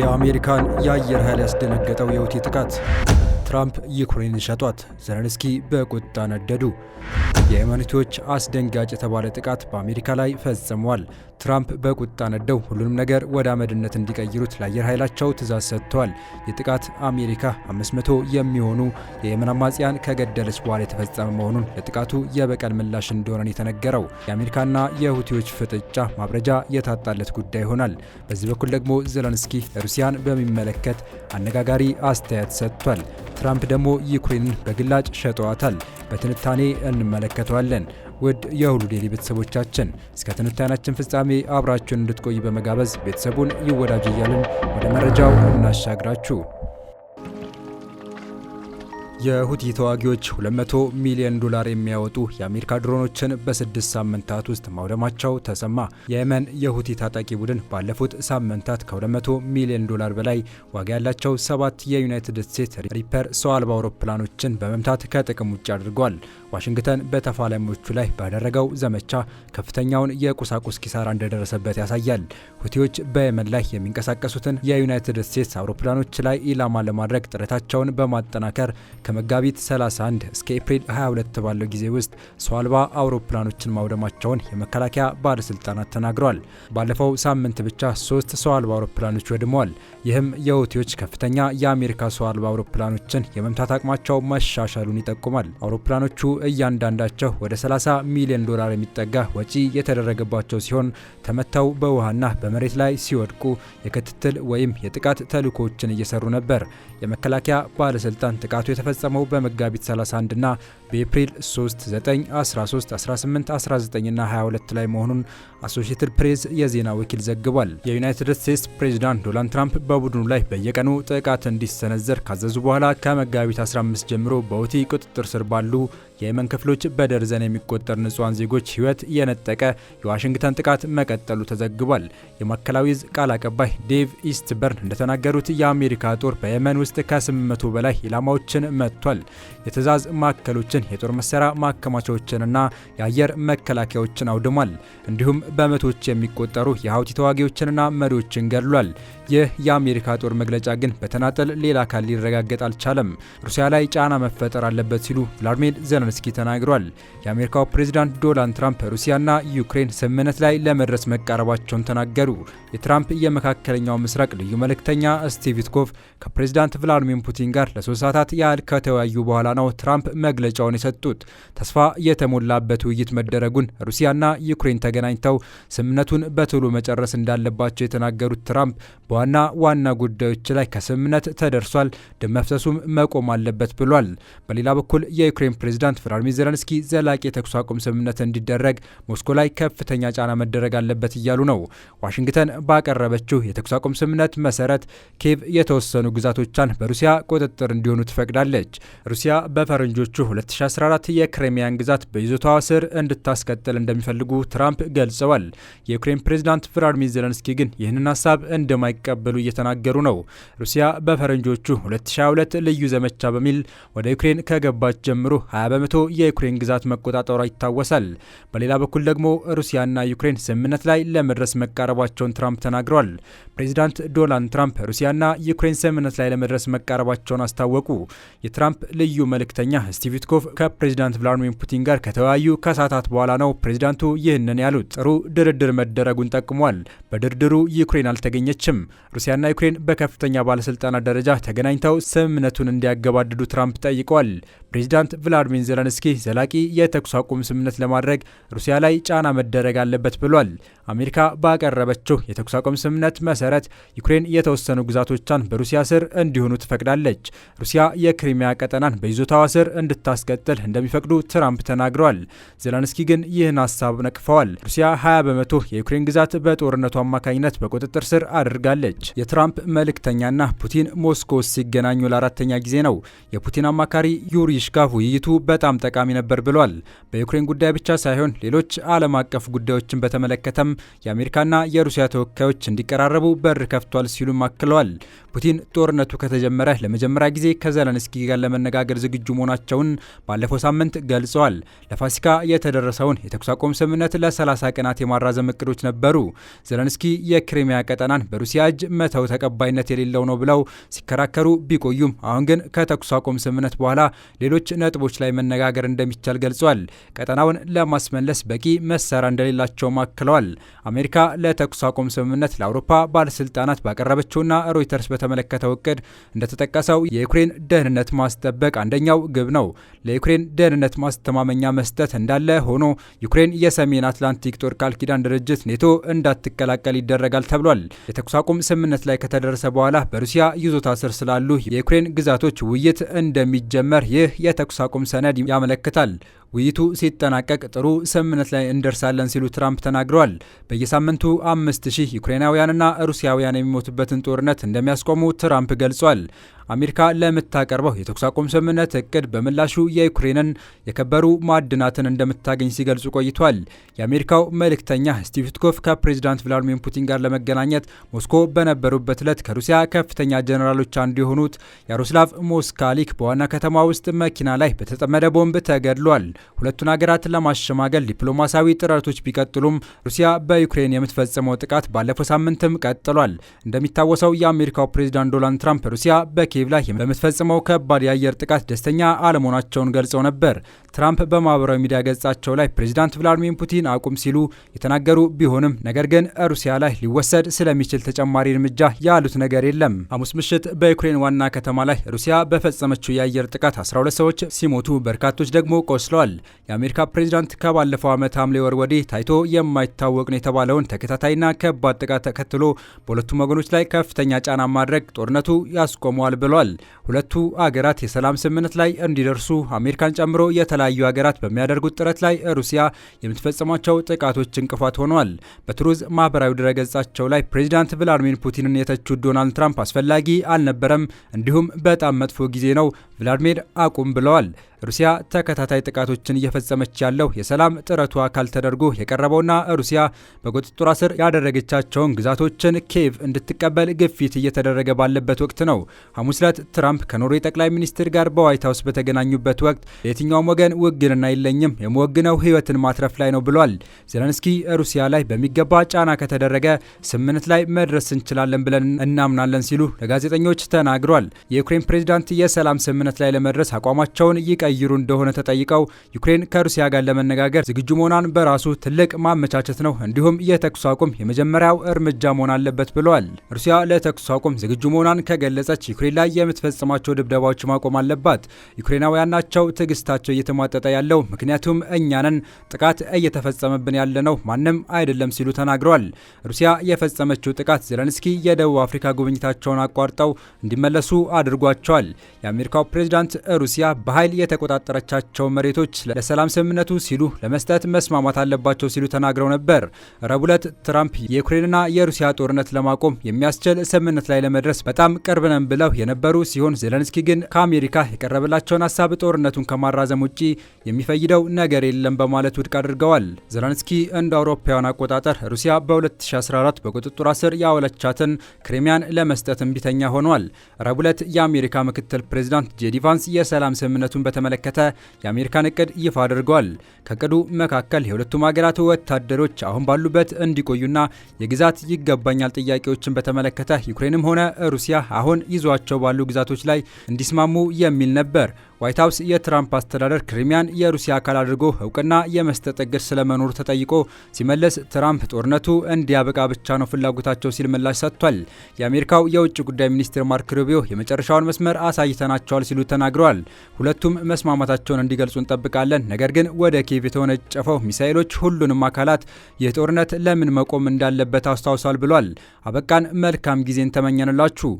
የአሜሪካን የአየር ኃይል ያስደነገጠው የሁቲ ጥቃት ትራምፕ ዩክሬን ሸጧት፣ ዘለንስኪ በቁጣ ነደዱ። የሃይማኖቶች አስደንጋጭ የተባለ ጥቃት በአሜሪካ ላይ ፈጽመዋል። ትራምፕ በቁጣ ነደው ሁሉንም ነገር ወደ አመድነት እንዲቀይሩት ለአየር ኃይላቸው ትእዛዝ ሰጥተዋል። የጥቃት አሜሪካ 500 የሚሆኑ የየመን አማጽያን ከገደለች በኋላ የተፈጸመ መሆኑን ለጥቃቱ የበቀል ምላሽ እንደሆነን የተነገረው የአሜሪካና የሁቲዎች ፍጥጫ ማብረጃ የታጣለት ጉዳይ ይሆናል። በዚህ በኩል ደግሞ ዘለንስኪ ሩሲያን በሚመለከት አነጋጋሪ አስተያየት ሰጥቷል። ትራምፕ ደግሞ ዩክሬንን በግላጭ ሸጠዋታል። በትንታኔ እንመለከተዋለን። ውድ የሁሉ ዴይሊ ቤተሰቦቻችን እስከ ትንታናችን ፍጻሜ አብራችሁን እንድትቆይ በመጋበዝ ቤተሰቡን ይወዳጅ እያልን ወደ መረጃው እናሻግራችሁ። የሁቲ ተዋጊዎች 200 ሚሊዮን ዶላር የሚያወጡ የአሜሪካ ድሮኖችን በስድስት ሳምንታት ውስጥ ማውደማቸው ተሰማ። የየመን የሁቲ ታጣቂ ቡድን ባለፉት ሳምንታት ከ200 ሚሊዮን ዶላር በላይ ዋጋ ያላቸው ሰባት የዩናይትድ ስቴትስ ሪፐር ሰው አልባ አውሮፕላኖችን በመምታት ከጥቅም ውጭ አድርጓል። ዋሽንግተን በተፋላሚዎቹ ላይ ባደረገው ዘመቻ ከፍተኛውን የቁሳቁስ ኪሳራ እንደደረሰበት ያሳያል። ሁቲዎች በየመን ላይ የሚንቀሳቀሱትን የዩናይትድ ስቴትስ አውሮፕላኖች ላይ ኢላማ ለማድረግ ጥረታቸውን በማጠናከር ከመጋቢት 31 እስከ ኤፕሪል 22 ባለው ጊዜ ውስጥ ሰው አልባ አውሮፕላኖችን ማውደማቸውን የመከላከያ ባለስልጣናት ተናግረዋል። ባለፈው ሳምንት ብቻ ሶስት ሰው አልባ አውሮፕላኖች ወድመዋል። ይህም የሁቲዎች ከፍተኛ የአሜሪካ ሰው አልባ አውሮፕላኖችን የመምታት አቅማቸው መሻሻሉን ይጠቁማል። አውሮፕላኖቹ እያንዳንዳቸው ወደ 30 ሚሊዮን ዶላር የሚጠጋ ወጪ የተደረገባቸው ሲሆን ተመተው በውሃና በመሬት ላይ ሲወድቁ የክትትል ወይም የጥቃት ተልዕኮዎችን እየሰሩ ነበር። የመከላከያ ባለስልጣን ጥቃቱ የተፈጸመው በመጋቢት 31ና በኤፕሪል 3፣ 9፣ 13፣ 18፣ 19 እና 22 ላይ መሆኑን አሶሽትድ ፕሬስ የዜና ወኪል ዘግቧል። የዩናይትድ ስቴትስ ፕሬዚዳንት ዶናልድ ትራምፕ በቡድኑ ላይ በየቀኑ ጥቃት እንዲሰነዘር ካዘዙ በኋላ ከመጋቢት 15 ጀምሮ በውቲ ቁጥጥር ስር ባሉ የየመን ክፍሎች በደርዘን የሚቆጠር ንጹሐን ዜጎች ሕይወት የነጠቀ የዋሽንግተን ጥቃት መቀጠሉ ተዘግቧል። የማዕከላዊ ቃል አቀባይ ዴቭ ኢስትበርን እንደተናገሩት የአሜሪካ ጦር በየመን ውስጥ ከ800 በላይ ኢላማዎችን መጥቷል። የትዕዛዝ ማዕከሎችን የጦር መሳሪያ ማከማቻዎችንና የአየር መከላከያዎችን አውድሟል። እንዲሁም በመቶዎች የሚቆጠሩ የሀውቲ ተዋጊዎችንና መሪዎችን ገድሏል። ይህ የአሜሪካ ጦር መግለጫ ግን በተናጠል ሌላ አካል ሊረጋገጥ አልቻለም። ሩሲያ ላይ ጫና መፈጠር አለበት ሲሉ ቭላድሚር ዘለንስኪ ተናግሯል። የአሜሪካው ፕሬዝዳንት ዶናልድ ትራምፕ ሩሲያና ዩክሬን ስምምነት ላይ ለመድረስ መቃረባቸውን ተናገሩ። የትራምፕ የመካከለኛው ምስራቅ ልዩ መልእክተኛ ስቲቭ ዊትኮፍ ከፕሬዝዳንት ቭላድሚር ፑቲን ጋር ለሶስት ሰዓታት ያህል ከተወያዩ በኋላ ነው ትራምፕ መግለጫው መግለጫውን የሰጡት። ተስፋ የተሞላበት ውይይት መደረጉን ሩሲያና ዩክሬን ተገናኝተው ስምምነቱን በቶሎ መጨረስ እንዳለባቸው የተናገሩት ትራምፕ በዋና ዋና ጉዳዮች ላይ ከስምምነት ተደርሷል፣ ደም መፍሰሱም መቆም አለበት ብሏል። በሌላ በኩል የዩክሬን ፕሬዚዳንት ቮሎዲሚር ዜለንስኪ ዘላቂ የተኩስ አቁም ስምምነት እንዲደረግ ሞስኮ ላይ ከፍተኛ ጫና መደረግ አለበት እያሉ ነው። ዋሽንግተን ባቀረበችው የተኩስ አቁም ስምምነት መሰረት ኬቭ የተወሰኑ ግዛቶቿን በሩሲያ ቁጥጥር እንዲሆኑ ትፈቅዳለች። ሩሲያ በፈረንጆቹ 2014 የክሬሚያን ግዛት በይዞታዋ ስር እንድታስቀጥል እንደሚፈልጉ ትራምፕ ገልጸዋል። የዩክሬን ፕሬዚዳንት ቮሎዲሚር ዜለንስኪ ግን ይህንን ሀሳብ እንደማይ እንደሚቀበሉ እየተናገሩ ነው። ሩሲያ በፈረንጆቹ 2022 ልዩ ዘመቻ በሚል ወደ ዩክሬን ከገባች ጀምሮ 20 በመቶ የዩክሬን ግዛት መቆጣጠሯ ይታወሳል። በሌላ በኩል ደግሞ ሩሲያና ዩክሬን ስምምነት ላይ ለመድረስ መቃረባቸውን ትራምፕ ተናግረዋል። ፕሬዚዳንት ዶናልድ ትራምፕ ሩሲያና ዩክሬን ስምምነት ላይ ለመድረስ መቃረባቸውን አስታወቁ። የትራምፕ ልዩ መልእክተኛ ስቲቭ ዊትኮፍ ከፕሬዚዳንት ቭላዲሚር ፑቲን ጋር ከተወያዩ ከሰዓታት በኋላ ነው ፕሬዚዳንቱ ይህንን ያሉት። ጥሩ ድርድር መደረጉን ጠቅሟል። በድርድሩ ዩክሬን አልተገኘችም። ሩሲያና ዩክሬን በከፍተኛ ባለስልጣናት ደረጃ ተገናኝተው ስምምነቱን እንዲያገባድዱ ትራምፕ ጠይቀዋል። ፕሬዚዳንት ቭላዲሚር ዘለንስኪ ዘላቂ የተኩስ አቁም ስምምነት ለማድረግ ሩሲያ ላይ ጫና መደረግ አለበት ብሏል። አሜሪካ ባቀረበችው የተኩስ አቁም ስምምነት መሰረት ዩክሬን የተወሰኑ ግዛቶቿን በሩሲያ ስር እንዲሆኑ ትፈቅዳለች። ሩሲያ የክሪሚያ ቀጠናን በይዞታዋ ስር እንድታስቀጥል እንደሚፈቅዱ ትራምፕ ተናግረዋል። ዘለንስኪ ግን ይህን ሀሳብ ነቅፈዋል። ሩሲያ 20 በመቶ የዩክሬን ግዛት በጦርነቱ አማካኝነት በቁጥጥር ስር አድርጋለች። የትራምፕ መልእክተኛና ፑቲን ሞስኮ ሲገናኙ ለአራተኛ ጊዜ ነው። የፑቲን አማካሪ ዩሪ ሴሽካ ውይይቱ በጣም ጠቃሚ ነበር ብሏል። በዩክሬን ጉዳይ ብቻ ሳይሆን ሌሎች ዓለም አቀፍ ጉዳዮችን በተመለከተም የአሜሪካና የሩሲያ ተወካዮች እንዲቀራረቡ በር ከፍቷል ሲሉም አክለዋል። ፑቲን ጦርነቱ ከተጀመረ ለመጀመሪያ ጊዜ ከዘለንስኪ ጋር ለመነጋገር ዝግጁ መሆናቸውን ባለፈው ሳምንት ገልጸዋል። ለፋሲካ የተደረሰውን የተኩስ አቁም ስምምነት ለ30 ቀናት የማራዘም እቅዶች ነበሩ። ዘለንስኪ የክሪሚያ ቀጠናን በሩሲያ እጅ መተው ተቀባይነት የሌለው ነው ብለው ሲከራከሩ ቢቆዩም አሁን ግን ከተኩስ አቁም ስምምነት በኋላ ሌሎች ነጥቦች ላይ መነጋገር እንደሚቻል ገልጿል። ቀጠናውን ለማስመለስ በቂ መሳሪያ እንደሌላቸውም አክለዋል። አሜሪካ ለተኩስ አቁም ስምምነት ለአውሮፓ ባለስልጣናት ባቀረበችውና ሮይተርስ በተመለከተው እቅድ እንደተጠቀሰው የዩክሬን ደህንነት ማስጠበቅ አንደኛው ግብ ነው። ለዩክሬን ደህንነት ማስተማመኛ መስጠት እንዳለ ሆኖ ዩክሬን የሰሜን አትላንቲክ ጦር ቃል ኪዳን ድርጅት ኔቶ እንዳትቀላቀል ይደረጋል ተብሏል። የተኩስ አቁም ስምምነት ላይ ከተደረሰ በኋላ በሩሲያ ይዞታ ስር ስላሉ የዩክሬን ግዛቶች ውይይት እንደሚጀመር ይህ የተኩስ አቁም ሰነድ ያመለክታል። ውይይቱ ሲጠናቀቅ ጥሩ ስምምነት ላይ እንደርሳለን ሲሉ ትራምፕ ተናግረዋል። በየሳምንቱ አምስት ሺህ ዩክሬናውያንና ሩሲያውያን የሚሞቱበትን ጦርነት እንደሚያስቆሙ ትራምፕ ገልጿል። አሜሪካ ለምታቀርበው የተኩስ አቁም ስምምነት እቅድ በምላሹ የዩክሬንን የከበሩ ማዕድናትን እንደምታገኝ ሲገልጹ ቆይቷል። የአሜሪካው መልእክተኛ ስቲቭ ዊትኮፍ ከፕሬዚዳንት ቭላዲሚር ፑቲን ጋር ለመገናኘት ሞስኮ በነበሩበት ዕለት ከሩሲያ ከፍተኛ ጀኔራሎች አንዱ የሆኑት ያሮስላቭ ሞስካሊክ በዋና ከተማ ውስጥ መኪና ላይ በተጠመደ ቦምብ ተገድሏል። ሁለቱን ሀገራት ለማሸማገል ዲፕሎማሲያዊ ጥረቶች ቢቀጥሉም ሩሲያ በዩክሬን የምትፈጽመው ጥቃት ባለፈው ሳምንትም ቀጥሏል። እንደሚታወሰው የአሜሪካው ፕሬዚዳንት ዶናልድ ትራምፕ ሩሲያ በኪየቭ ላይ በምትፈጽመው ከባድ የአየር ጥቃት ደስተኛ አለመሆናቸውን ገልጸው ነበር። ትራምፕ በማህበራዊ ሚዲያ ገጻቸው ላይ ፕሬዚዳንት ቭላዲሚር ፑቲን አቁም ሲሉ የተናገሩ ቢሆንም ነገር ግን ሩሲያ ላይ ሊወሰድ ስለሚችል ተጨማሪ እርምጃ ያሉት ነገር የለም። ሐሙስ ምሽት በዩክሬን ዋና ከተማ ላይ ሩሲያ በፈጸመችው የአየር ጥቃት 12 ሰዎች ሲሞቱ በርካቶች ደግሞ ቆስለዋል። ተናግረዋል። የአሜሪካ ፕሬዚዳንት ከባለፈው ዓመት ሐምሌ ወር ወዲህ ታይቶ የማይታወቅ ነው የተባለውን ተከታታይና ከባድ ጥቃት ተከትሎ በሁለቱም ወገኖች ላይ ከፍተኛ ጫና ማድረግ ጦርነቱ ያስቆመዋል ብሏል። ሁለቱ አገራት የሰላም ስምምነት ላይ እንዲደርሱ አሜሪካን ጨምሮ የተለያዩ ሀገራት በሚያደርጉት ጥረት ላይ ሩሲያ የምትፈጽሟቸው ጥቃቶች እንቅፋት ሆኗል። በትሩዝ ማህበራዊ ድረገጻቸው ላይ ፕሬዚዳንት ቭላድሚር ፑቲንን የተቹት ዶናልድ ትራምፕ አስፈላጊ አልነበረም፣ እንዲሁም በጣም መጥፎ ጊዜ ነው ቭላድሚር አቁም ብለዋል። ሩሲያ ተከታታይ ጥቃቶችን እየፈጸመች ያለው የሰላም ጥረቱ አካል ተደርጎ የቀረበውና ሩሲያ በቁጥጥሯ ስር ያደረገቻቸውን ግዛቶችን ኪየቭ እንድትቀበል ግፊት እየተደረገ ባለበት ወቅት ነው። ሐሙስ ዕለት ትራምፕ ከኖርዌይ ጠቅላይ ሚኒስትር ጋር በዋይት ሀውስ በተገናኙበት ወቅት ለየትኛውም ወገን ውግንና የለኝም፣ የምወግነው ሕይወትን ማትረፍ ላይ ነው ብሏል። ዜለንስኪ ሩሲያ ላይ በሚገባ ጫና ከተደረገ ስምምነት ላይ መድረስ እንችላለን ብለን እናምናለን ሲሉ ለጋዜጠኞች ተናግሯል። የዩክሬን ፕሬዚዳንት የሰላም ስምምነት ስምምነት ላይ ለመድረስ አቋማቸውን ይቀይሩ እንደሆነ ተጠይቀው ዩክሬን ከሩሲያ ጋር ለመነጋገር ዝግጁ መሆኗን በራሱ ትልቅ ማመቻቸት ነው፣ እንዲሁም የተኩስ አቁም የመጀመሪያው እርምጃ መሆን አለበት ብለዋል። ሩሲያ ለተኩስ አቁም ዝግጁ መሆኗን ከገለጸች ዩክሬን ላይ የምትፈጽማቸው ድብደባዎች ማቆም አለባት። ዩክሬናውያን ናቸው ትዕግስታቸው እየተሟጠጠ ያለው ምክንያቱም እኛንን ጥቃት እየተፈጸመብን ያለ ነው ማንም አይደለም ሲሉ ተናግረዋል። ሩሲያ የፈጸመችው ጥቃት ዜለንስኪ የደቡብ አፍሪካ ጉብኝታቸውን አቋርጠው እንዲመለሱ አድርጓቸዋል። የአሜሪካው ፕሬዚዳንት ሩሲያ በኃይል የተቆጣጠረቻቸው መሬቶች ለሰላም ስምምነቱ ሲሉ ለመስጠት መስማማት አለባቸው ሲሉ ተናግረው ነበር። ረቡዕ ዕለት ትራምፕ የዩክሬንና የሩሲያ ጦርነት ለማቆም የሚያስችል ስምምነት ላይ ለመድረስ በጣም ቅርብ ነን ብለው የነበሩ ሲሆን ዜለንስኪ ግን ከአሜሪካ የቀረበላቸውን ሀሳብ ጦርነቱን ከማራዘም ውጭ የሚፈይደው ነገር የለም በማለት ውድቅ አድርገዋል። ዜለንስኪ እንደ አውሮፓውያን አቆጣጠር ሩሲያ በ2014 በቁጥጥር ስር ያዋለቻትን ክሪሚያን ለመስጠት እምቢተኛ ሆኗል። ረቡዕ ዕለት የአሜሪካ ምክትል ፕሬዚዳንት ጄዲቫንስ የሰላም ስምምነቱን በተመለከተ የአሜሪካን እቅድ ይፋ አድርጓል። ከእቅዱ መካከል የሁለቱም ሀገራት ወታደሮች አሁን ባሉበት እንዲቆዩና የግዛት ይገባኛል ጥያቄዎችን በተመለከተ ዩክሬንም ሆነ ሩሲያ አሁን ይዟቸው ባሉ ግዛቶች ላይ እንዲስማሙ የሚል ነበር። ዋይት ሀውስ የትራምፕ አስተዳደር ክሪሚያን የሩሲያ አካል አድርጎ እውቅና የመስጠት እግድ ስለመኖሩ ተጠይቆ ሲመለስ ትራምፕ ጦርነቱ እንዲያበቃ ብቻ ነው ፍላጎታቸው ሲል ምላሽ ሰጥቷል። የአሜሪካው የውጭ ጉዳይ ሚኒስትር ማርክ ሩቢዮ የመጨረሻውን መስመር አሳይተናቸዋል ሲሉ ተናግረዋል። ሁለቱም መስማማታቸውን እንዲገልጹ እንጠብቃለን፣ ነገር ግን ወደ ኪየቭ የተወነጨፈው ሚሳኤሎች ሁሉንም አካላት ይህ ጦርነት ለምን መቆም እንዳለበት አስታውሷል ብሏል። አበቃን። መልካም ጊዜን ተመኘንላችሁ።